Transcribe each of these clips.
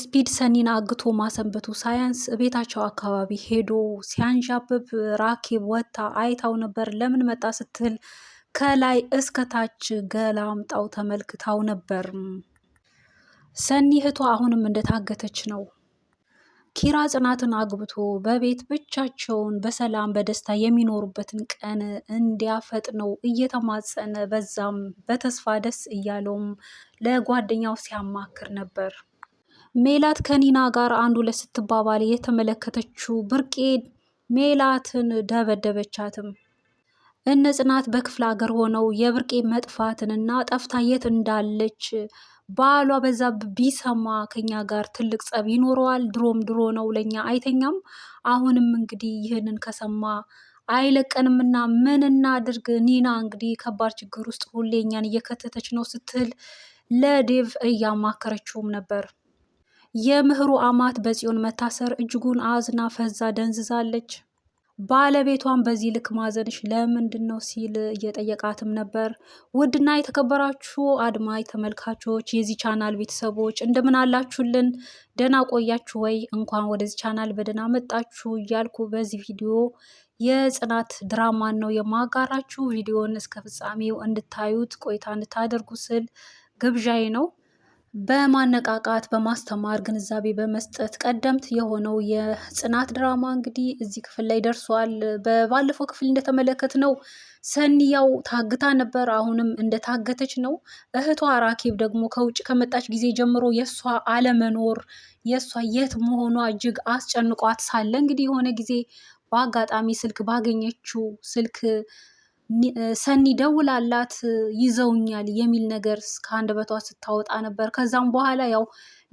ስፒድ ሰኒን አግቶ ማሰንበቱ ሳያንስ ቤታቸው አካባቢ ሄዶ ሲያንዣብብ ራኬብ ወጥታ አይታው ነበር። ለምን መጣ ስትል ከላይ እስከ ታች ገላምጣው ተመልክታው ነበር። ሰኒ እህቷ አሁንም እንደታገተች ነው። ኪራ ጽናትን አግብቶ በቤት ብቻቸውን በሰላም በደስታ የሚኖሩበትን ቀን እንዲያፈጥነው እየተማጸነ በዛም በተስፋ ደስ እያለውም ለጓደኛው ሲያማክር ነበር። ሜላት ከኒና ጋር አንድ ሁለት ስትባባል የተመለከተችው ብርቄ ሜላትን ደበደበቻትም። እነ ጽናት በክፍለ ሀገር ሆነው የብርቄ መጥፋትንና ጠፍታ የት እንዳለች ባሏ በዛ ቢሰማ ከኛ ጋር ትልቅ ጸብ ይኖረዋል። ድሮም ድሮ ነው ለኛ አይተኛም። አሁንም እንግዲህ ይህንን ከሰማ አይለቀንምና ምን እናድርግ? ኒና እንግዲህ ከባድ ችግር ውስጥ ሁሌ እኛን እየከተተች ነው ስትል ለዴቭ እያማከረችውም ነበር። የምህሩ አማት በጽዮን መታሰር እጅጉን አዝና ፈዛ ደንዝዛለች። ባለቤቷን በዚህ ልክ ማዘንሽ ለምንድን ነው ሲል እየጠየቃትም ነበር። ውድና የተከበራችሁ አድማጭ ተመልካቾች የዚህ ቻናል ቤተሰቦች እንደምን አላችሁልን? ደህና ቆያችሁ ወይ? እንኳን ወደዚህ ቻናል በደህና መጣችሁ እያልኩ በዚህ ቪዲዮ የጽናት ድራማን ነው የማጋራችሁ። ቪዲዮን እስከ ፍጻሜው እንድታዩት ቆይታ እንድታደርጉ ስል ግብዣዬ ነው። በማነቃቃት በማስተማር ግንዛቤ በመስጠት ቀደምት የሆነው የጽናት ድራማ እንግዲህ እዚህ ክፍል ላይ ደርሷል። በባለፈው ክፍል እንደተመለከት ሰኒ ያው ታግታ ነበር፣ አሁንም እንደታገተች ነው። እህቷ ራኬብ ደግሞ ከውጭ ከመጣች ጊዜ ጀምሮ የእሷ አለመኖር የእሷ የት መሆኗ እጅግ አስጨንቋት ሳለ እንግዲህ የሆነ ጊዜ በአጋጣሚ ስልክ ባገኘችው ስልክ ሰኒ ደውላላት ይዘውኛል የሚል ነገር ከአንድ በቷ ስታወጣ ነበር። ከዛም በኋላ ያው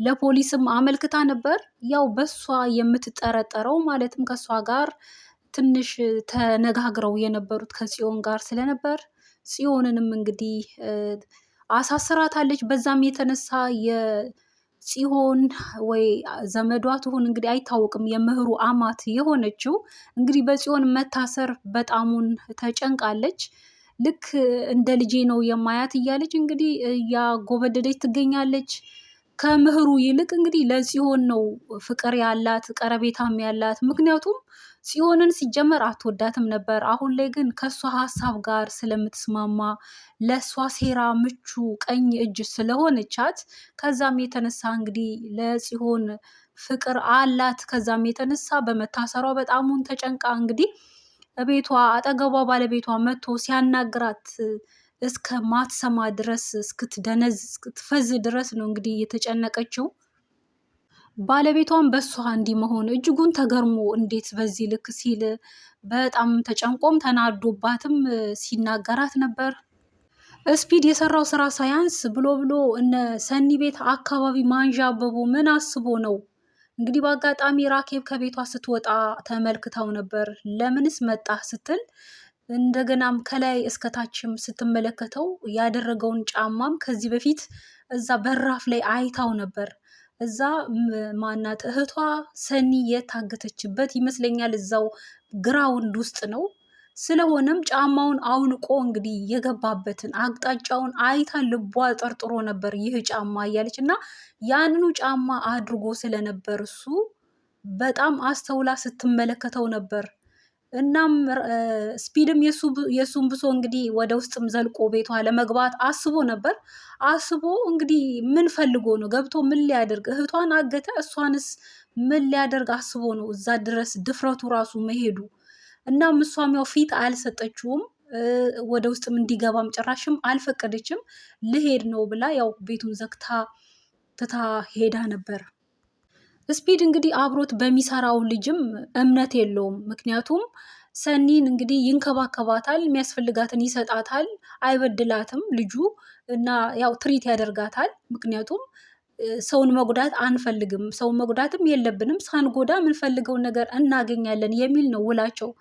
ለፖሊስም አመልክታ ነበር። ያው በሷ የምትጠረጠረው ማለትም ከሷ ጋር ትንሽ ተነጋግረው የነበሩት ከጽዮን ጋር ስለነበር ጽዮንንም እንግዲህ አሳስራታለች። በዛም የተነሳ ጽሆን ወይ ዘመዷ ትሁን እንግዲህ አይታወቅም። የምህሩ አማት የሆነችው እንግዲህ በጽሆን መታሰር በጣሙን ተጨንቃለች። ልክ እንደ ልጄ ነው የማያት እያለች እንግዲህ እያጎበደደች ትገኛለች። ከምህሩ ይልቅ እንግዲህ ለጽሆን ነው ፍቅር ያላት ቀረቤታም ያላት ምክንያቱም ጽዮንን ሲጀመር አትወዳትም ነበር። አሁን ላይ ግን ከእሷ ሀሳብ ጋር ስለምትስማማ ለእሷ ሴራ ምቹ ቀኝ እጅ ስለሆነቻት ከዛም የተነሳ እንግዲህ ለጽዮን ፍቅር አላት። ከዛም የተነሳ በመታሰሯ በጣሙን ተጨንቃ እንግዲህ ቤቷ አጠገቧ ባለቤቷ መጥቶ ሲያናግራት እስከ ማትሰማ ድረስ እስክትደነዝ እስክትፈዝ ድረስ ነው እንግዲህ የተጨነቀችው። ባለቤቷን በእሷ እንዲህ መሆን እጅጉን ተገርሞ እንዴት በዚህ ልክ ሲል በጣም ተጨንቆም ተናዶባትም ሲናገራት ነበር። ስፒድ የሰራው ስራ ሳያንስ ብሎ ብሎ እነ ሰኒ ቤት አካባቢ ማንዣበቡ ምን አስቦ ነው? እንግዲህ በአጋጣሚ ራኬብ ከቤቷ ስትወጣ ተመልክተው ነበር። ለምንስ መጣ ስትል እንደገናም ከላይ እስከታችም ስትመለከተው ያደረገውን ጫማም ከዚህ በፊት እዛ በራፍ ላይ አይታው ነበር። እዛ ማናት እህቷ ሰኒ የታገተችበት ይመስለኛል። እዛው ግራውንድ ውስጥ ነው። ስለሆነም ጫማውን አውልቆ እንግዲህ የገባበትን አቅጣጫውን አይታ ልቧ ጠርጥሮ ነበር ይህ ጫማ እያለች እና ያንኑ ጫማ አድርጎ ስለነበር እሱ በጣም አስተውላ ስትመለከተው ነበር እናም ስፒድም የእሱን ብሶ እንግዲህ ወደ ውስጥም ዘልቆ ቤቷ ለመግባት አስቦ ነበር። አስቦ እንግዲህ ምን ፈልጎ ነው ገብቶ ምን ሊያደርግ? እህቷን አገተ፣ እሷንስ ምን ሊያደርግ አስቦ ነው እዛ ድረስ ድፍረቱ ራሱ መሄዱ? እናም እሷም ያው ፊት አልሰጠችውም። ወደ ውስጥም እንዲገባም ጭራሽም አልፈቀደችም። ልሄድ ነው ብላ ያው ቤቱን ዘግታ ትታ ሄዳ ነበር። ስፒድ እንግዲህ አብሮት በሚሰራው ልጅም እምነት የለውም። ምክንያቱም ሰኒን እንግዲህ ይንከባከባታል፣ የሚያስፈልጋትን ይሰጣታል፣ አይበድላትም ልጁ እና ያው ትሪት ያደርጋታል። ምክንያቱም ሰውን መጉዳት አንፈልግም፣ ሰውን መጉዳትም የለብንም፣ ሳንጎዳ የምንፈልገውን ነገር እናገኛለን የሚል ነው ውላቸው።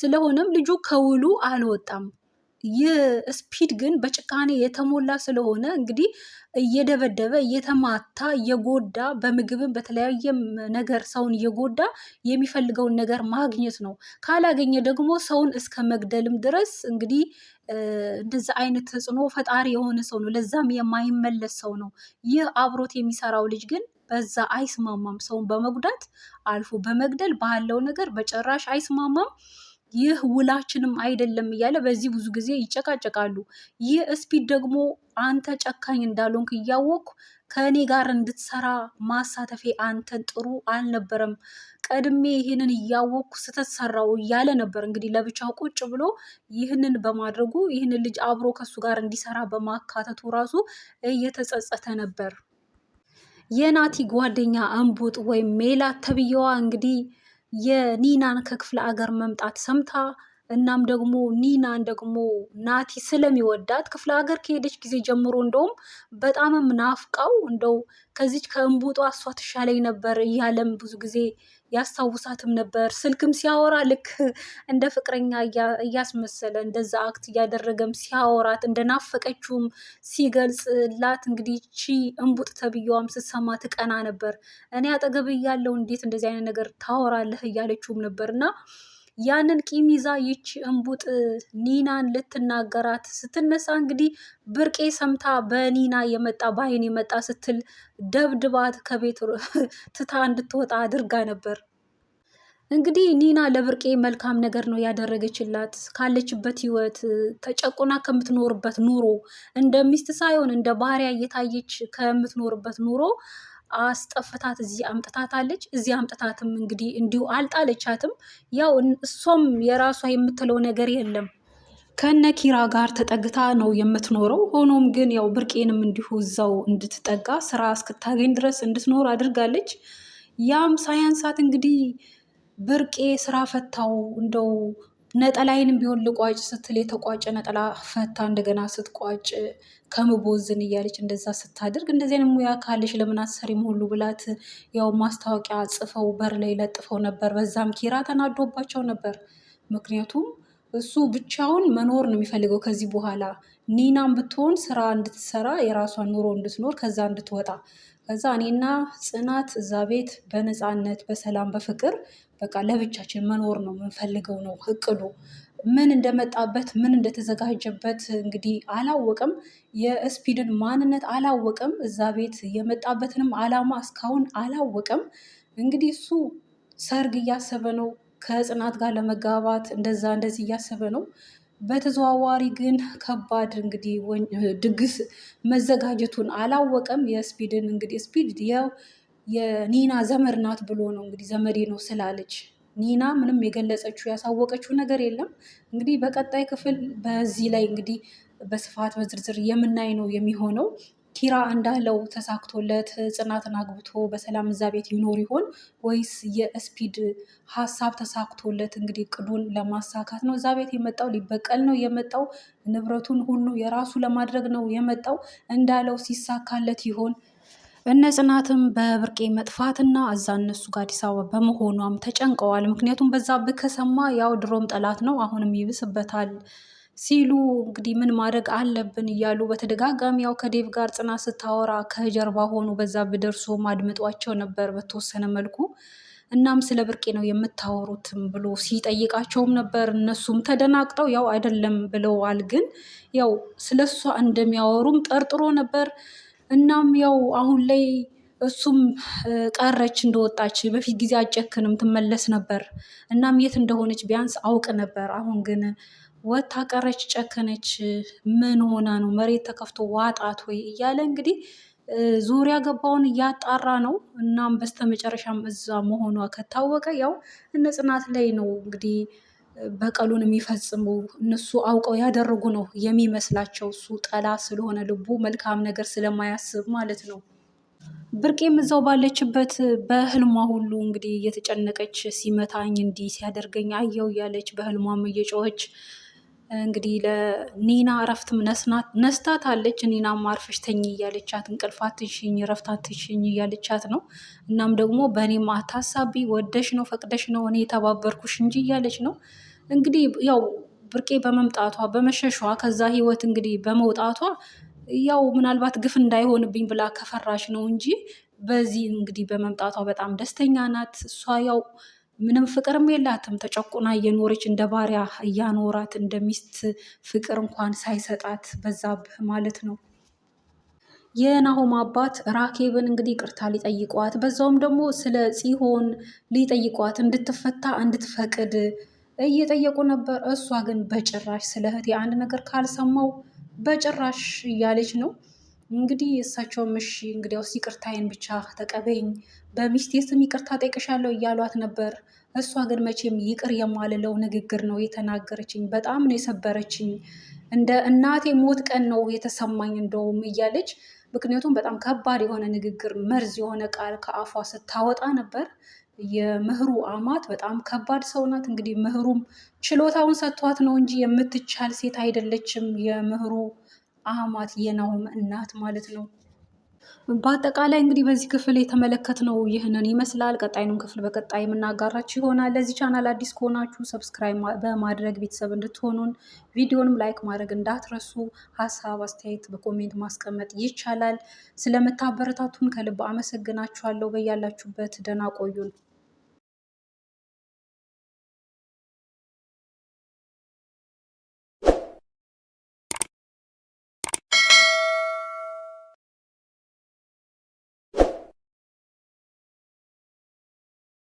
ስለሆነም ልጁ ከውሉ አልወጣም። ይህ ስፒድ ግን በጭካኔ የተሞላ ስለሆነ እንግዲህ እየደበደበ እየተማታ እየጎዳ በምግብም በተለያየ ነገር ሰውን እየጎዳ የሚፈልገውን ነገር ማግኘት ነው። ካላገኘ ደግሞ ሰውን እስከ መግደልም ድረስ እንግዲህ እንደዛ አይነት ተጽዕኖ ፈጣሪ የሆነ ሰው ነው። ለዛም የማይመለስ ሰው ነው። ይህ አብሮት የሚሰራው ልጅ ግን በዛ አይስማማም። ሰውን በመጉዳት አልፎ በመግደል ባለው ነገር በጭራሽ አይስማማም። ይህ ውላችንም አይደለም እያለ በዚህ ብዙ ጊዜ ይጨቃጨቃሉ። ይህ እስፒድ ደግሞ አንተ ጨካኝ እንዳልሆንክ እያወቅኩ ከእኔ ጋር እንድትሰራ ማሳተፌ አንተን ጥሩ አልነበረም፣ ቀድሜ ይህንን እያወቅኩ ስተት እያለ ነበር። እንግዲህ ለብቻው ቁጭ ብሎ ይህንን በማድረጉ ይህንን ልጅ አብሮ ከሱ ጋር እንዲሰራ በማካተቱ ራሱ እየተጸጸተ ነበር። የናቲ ጓደኛ እንቡጥ ወይም ሜላት ተብዬዋ እንግዲህ የኒናን ከክፍለ አገር መምጣት ሰምታ እናም ደግሞ ኒናን ደግሞ ናቲ ስለሚወዳት ክፍለ ሀገር ከሄደች ጊዜ ጀምሮ እንደውም በጣምም ናፍቃው እንደው ከዚች ከእንቡጧ እሷ ትሻለኝ ነበር እያለም ብዙ ጊዜ ያስታውሳትም ነበር። ስልክም ሲያወራ ልክ እንደ ፍቅረኛ እያስመሰለ እንደዛ አክት እያደረገም ሲያወራት እንደናፈቀችውም ሲገልጽላት እንግዲህ ቺ እንቡጥ ተብዬዋም ስትሰማ ትቀና ነበር። እኔ አጠገብ እያለው እንዴት እንደዚህ አይነት ነገር ታወራለህ እያለችውም ነበር እና ያንን ቂም ይዛ ይቺ እንቡጥ ኒናን ልትናገራት ስትነሳ እንግዲህ ብርቄ ሰምታ በኒና የመጣ በአይን የመጣ ስትል ደብድባት ከቤት ትታ እንድትወጣ አድርጋ ነበር። እንግዲህ ኒና ለብርቄ መልካም ነገር ነው ያደረገችላት። ካለችበት ህይወት ተጨቁና ከምትኖርበት ኑሮ እንደ ሚስት ሳይሆን እንደ ባሪያ እየታየች ከምትኖርበት ኑሮ አስጠፍታት እዚህ አምጥታታለች። እዚህ አምጥታትም እንግዲህ እንዲሁ አልጣለቻትም። ያው እሷም የራሷ የምትለው ነገር የለም ከነ ኪራ ጋር ተጠግታ ነው የምትኖረው። ሆኖም ግን ያው ብርቄንም እንዲሁ እዛው እንድትጠጋ ስራ እስክታገኝ ድረስ እንድትኖር አድርጋለች። ያም ሳያንሳት እንግዲህ ብርቄ ስራ ፈታው እንደው ነጠላይንም ቢሆን ልቋጭ ስትል የተቋጨ ነጠላ ፈታ እንደገና ስትቋጭ ከምቦዝን እያለች እንደዛ ስታደርግ እንደዚህ አይነት ሙያ ካለሽ ለምን አትሰሪም ሁሉ ብላት ያው ማስታወቂያ ጽፈው በር ላይ ለጥፈው ነበር። በዛም ኪራ ተናዶባቸው ነበር። ምክንያቱም እሱ ብቻውን መኖር ነው የሚፈልገው ከዚህ በኋላ። ኒናም ብትሆን ስራ እንድትሰራ የራሷን ኑሮ እንድትኖር ከዛ እንድትወጣ ከዛ እኔና ጽናት እዛ ቤት በነፃነት በሰላም በፍቅር በቃ ለብቻችን መኖር ነው የምንፈልገው ነው እቅዱ። ምን እንደመጣበት ምን እንደተዘጋጀበት እንግዲህ አላወቅም። የስፒድን ማንነት አላወቅም። እዛ ቤት የመጣበትንም አላማ እስካሁን አላወቅም። እንግዲህ እሱ ሰርግ እያሰበ ነው ከጽናት ጋር ለመጋባት እንደዛ እንደዚህ እያሰበ ነው። በተዘዋዋሪ ግን ከባድ እንግዲህ ድግስ መዘጋጀቱን አላወቀም። የስፒድን እንግዲህ ስፒድ የኒና ዘመድ ናት ብሎ ነው እንግዲህ ዘመዴ ነው ስላለች ኒና ምንም የገለጸችው ያሳወቀችው ነገር የለም። እንግዲህ በቀጣይ ክፍል በዚህ ላይ እንግዲህ በስፋት በዝርዝር የምናይ ነው የሚሆነው። ኪራ እንዳለው ተሳክቶለት ጽናትን አግብቶ በሰላም እዛ ቤት ይኖር ይሆን ወይስ የስፒድ ሀሳብ ተሳክቶለት እንግዲህ ቅዱን ለማሳካት ነው እዛ ቤት የመጣው? ሊበቀል ነው የመጣው? ንብረቱን ሁሉ የራሱ ለማድረግ ነው የመጣው? እንዳለው ሲሳካለት ይሆን? እነ ጽናትም በብርቄ መጥፋትና እዛ እነሱ ጋር አዲስ አበባ በመሆኗም ተጨንቀዋል። ምክንያቱም በዛ ብከሰማ ያው ድሮም ጠላት ነው፣ አሁንም ይብስበታል ሲሉ እንግዲህ ምን ማድረግ አለብን እያሉ በተደጋጋሚ ያው ከዴቭ ጋር ጽናት ስታወራ ከጀርባ ሆኑ በዛ ደርሶ ማድመጧቸው ነበር በተወሰነ መልኩ። እናም ስለ ብርቄ ነው የምታወሩትም ብሎ ሲጠይቃቸውም ነበር። እነሱም ተደናግጠው ያው አይደለም ብለዋል። ግን ያው ስለ እሷ እንደሚያወሩም ጠርጥሮ ነበር። እናም ያው አሁን ላይ እሱም ቀረች እንደወጣች በፊት ጊዜ አጨክንም ትመለስ ነበር። እናም የት እንደሆነች ቢያንስ አውቅ ነበር። አሁን ግን ወታ ቀረች፣ ጨከነች፣ ምን ሆና ነው መሬት ተከፍቶ ዋጣት ወይ እያለ እንግዲህ ዙሪያ ገባውን እያጣራ ነው። እናም በስተመጨረሻም እዛ መሆኗ ከታወቀ ያው እነ ጽናት ላይ ነው እንግዲህ በቀሉን የሚፈጽሙ እነሱ አውቀው ያደረጉ ነው የሚመስላቸው። እሱ ጠላ ስለሆነ ልቡ መልካም ነገር ስለማያስብ ማለት ነው። ብርቄም እዛው ባለችበት በህልሟ ሁሉ እንግዲህ እየተጨነቀች ሲመታኝ እንዲህ ሲያደርገኝ አየው እያለች በህልሟም እየጮኸች እንግዲህ ለኒና እረፍትም ነስታታለች። ኒናም ማርፈሽ ተኝ እያለቻት እንቅልፋት አትሽኝ፣ እረፍት አትሽኝ እያለቻት ነው። እናም ደግሞ በእኔ አታሳቢ፣ ወደሽ ነው ፈቅደሽ ነው እኔ የተባበርኩሽ እንጂ እያለች ነው እንግዲህ ያው ብርቄ በመምጣቷ በመሸሿ ከዛ ህይወት እንግዲህ በመውጣቷ ያው ምናልባት ግፍ እንዳይሆንብኝ ብላ ከፈራሽ ነው እንጂ በዚህ እንግዲህ በመምጣቷ በጣም ደስተኛ ናት እሷ ያው ምንም ፍቅርም የላትም። ተጨቁና እየኖረች እንደ ባሪያ እያኖራት እንደ ሚስት ፍቅር እንኳን ሳይሰጣት በዛብህ ማለት ነው። የናሆም አባት ራኬብን እንግዲህ ቅርታ ሊጠይቋት በዛውም ደግሞ ስለ ጽሆን ሊጠይቋት እንድትፈታ እንድትፈቅድ እየጠየቁ ነበር። እሷ ግን በጭራሽ ስለ እህቴ አንድ ነገር ካልሰማው በጭራሽ እያለች ነው። እንግዲህ እሳቸው እሺ እንግዲያውስ ይቅርታዬን ብቻ ተቀበይኝ፣ በሚስቴ ስም ይቅርታ ጠይቅሻለሁ እያሏት ነበር። እሷ ግን መቼም ይቅር የማልለው ንግግር ነው የተናገረችኝ። በጣም ነው የሰበረችኝ። እንደ እናቴ ሞት ቀን ነው የተሰማኝ እንደውም እያለች ምክንያቱም በጣም ከባድ የሆነ ንግግር፣ መርዝ የሆነ ቃል ከአፏ ስታወጣ ነበር። የምህሩ አማት በጣም ከባድ ሰው ናት። እንግዲህ ምህሩም ችሎታውን ሰጥቷት ነው እንጂ የምትቻል ሴት አይደለችም የምህሩ አህማት የናሆም እናት ማለት ነው። በአጠቃላይ እንግዲህ በዚህ ክፍል የተመለከትነው ይህንን ይመስላል። ቀጣይንም ክፍል በቀጣይ የምናጋራችሁ ይሆናል። ለዚህ ቻናል አዲስ ከሆናችሁ ሰብስክራይብ በማድረግ ቤተሰብ እንድትሆኑን፣ ቪዲዮንም ላይክ ማድረግ እንዳትረሱ። ሀሳብ አስተያየት በኮሜንት ማስቀመጥ ይቻላል። ስለምታበረታቱን ከልብ አመሰግናችኋለሁ። በያላችሁበት ደህና ቆዩን።